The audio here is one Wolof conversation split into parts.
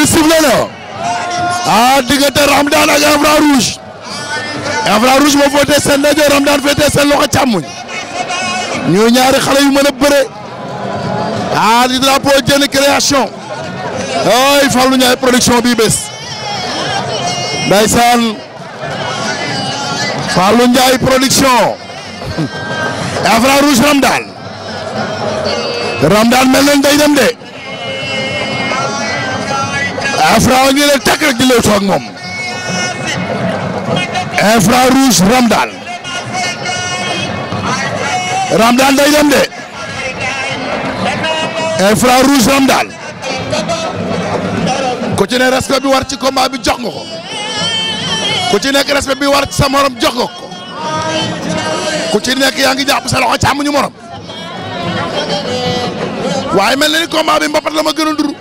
bi sifflé na ah diggante Ramdan ak Infra Rouge Infra Rouge moo féetee seen rajo Ramdan féetee seen loxo càmmuñ ñu ñaari xale yu mën a bëre ah di drapeau jënd création ay Fallou Ndiaye production bi bés ndeysaan Fallou Ndiaye production Infra Rouge Ramdan Ramdan mel nañ day dem de. Infra ñu ne takk rek di day dem de Infra Rouge Ramdan ku ci ne respect bi war ci combat bi jox nga ko ku ci nekk respect bi war ci sa morom jox nga ko ku ci nekk yaa ngi jàpp sa loxo càmm ñu morom waaye mel ni combat mbapat la ma gën a duru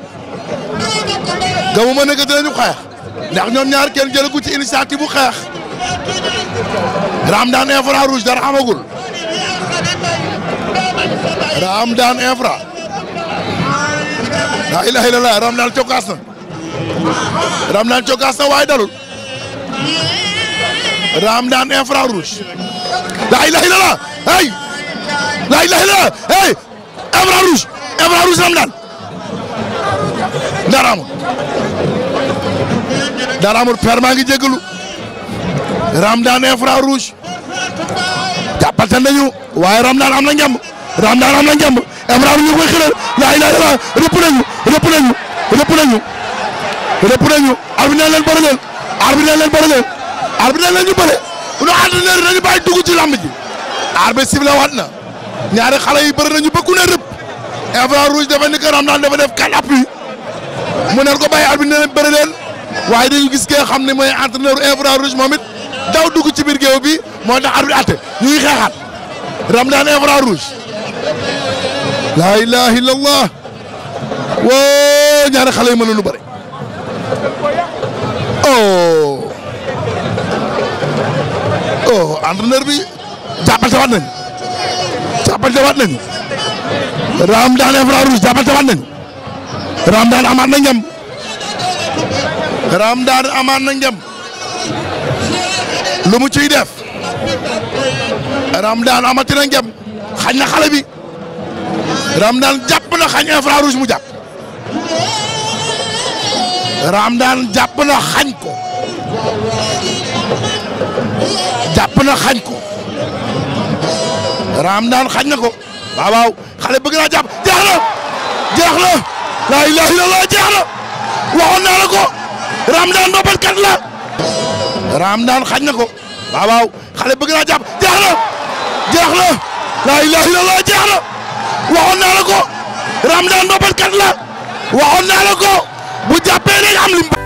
gawuma nag dinañu xeex ndax ñoom ñaar kenn jëlagu ci initiative bu xeex Ramdan Infra Rouge dara amagul Ramdan Infra la ilaha illallah Ramdan cokaas na Ramdan cokaas na waaye dalul Ramdan Infra Rouge la ilaha illallah hey la ilaha illallah hey Infra Rouge Infra Rouge Ramdan dara amul dara amul père maa ngi jégalu Ramdan infrarouge jàppante nañu waaye Ramdan am na ngemb na ngemb infrarouge ñu koy xëleel laa ilaaha illallaah rëpp nañu rëpp nañu rëpp nañu rëpp nañu arbitre nee leen bëri leen arbitre nee leen bëri leen arbitre nee ñu bëri ñu entraîneur dañu bàyyi dugg ci làmb ji arbitre na ñaari xale yi bëri nañu bëgg ku ne rëpp infrarouge dafa ni que def quatre mu nar ko bàyyi arbitre nee na bëri leen waaye dañu gis kee xam ne mooy entraîneur infra rouge moom it daw dugg ci biir géew bi moo tax arbitre atte ñu ngi xeexaat Ramdan infra rouge laa ilaha illallah woo ñaari xale yi mën na lu bëri oh oh entraîneur bi jàppante waat nañ jàppante waat nañ Ramdan infra rouge jàppante waat nañ Ramdaan amaat na njam Ramdaan amaat njam lu mu ciy def Ramdaan amati na njam xañ na xale bi Ramdaan jàpp na xañ infrarouge mu jàpp Ramdaan jàpp na xañ ko jàpp na xañ ko Ramdaan xañ na ko waaw xale bëgg naa jàpp jeex na jeex na laa ilaaha illallaah jeex na waxoon naa la ko Ramdan la Ramdan xañ na ko waaw xale bëgg naa jàpp jeex na jeex na laa ilaaha illallaah jeex na waxoon naa la ko Ramdan mbabatkat la waxoon naa la ko bu jàppee rek am lim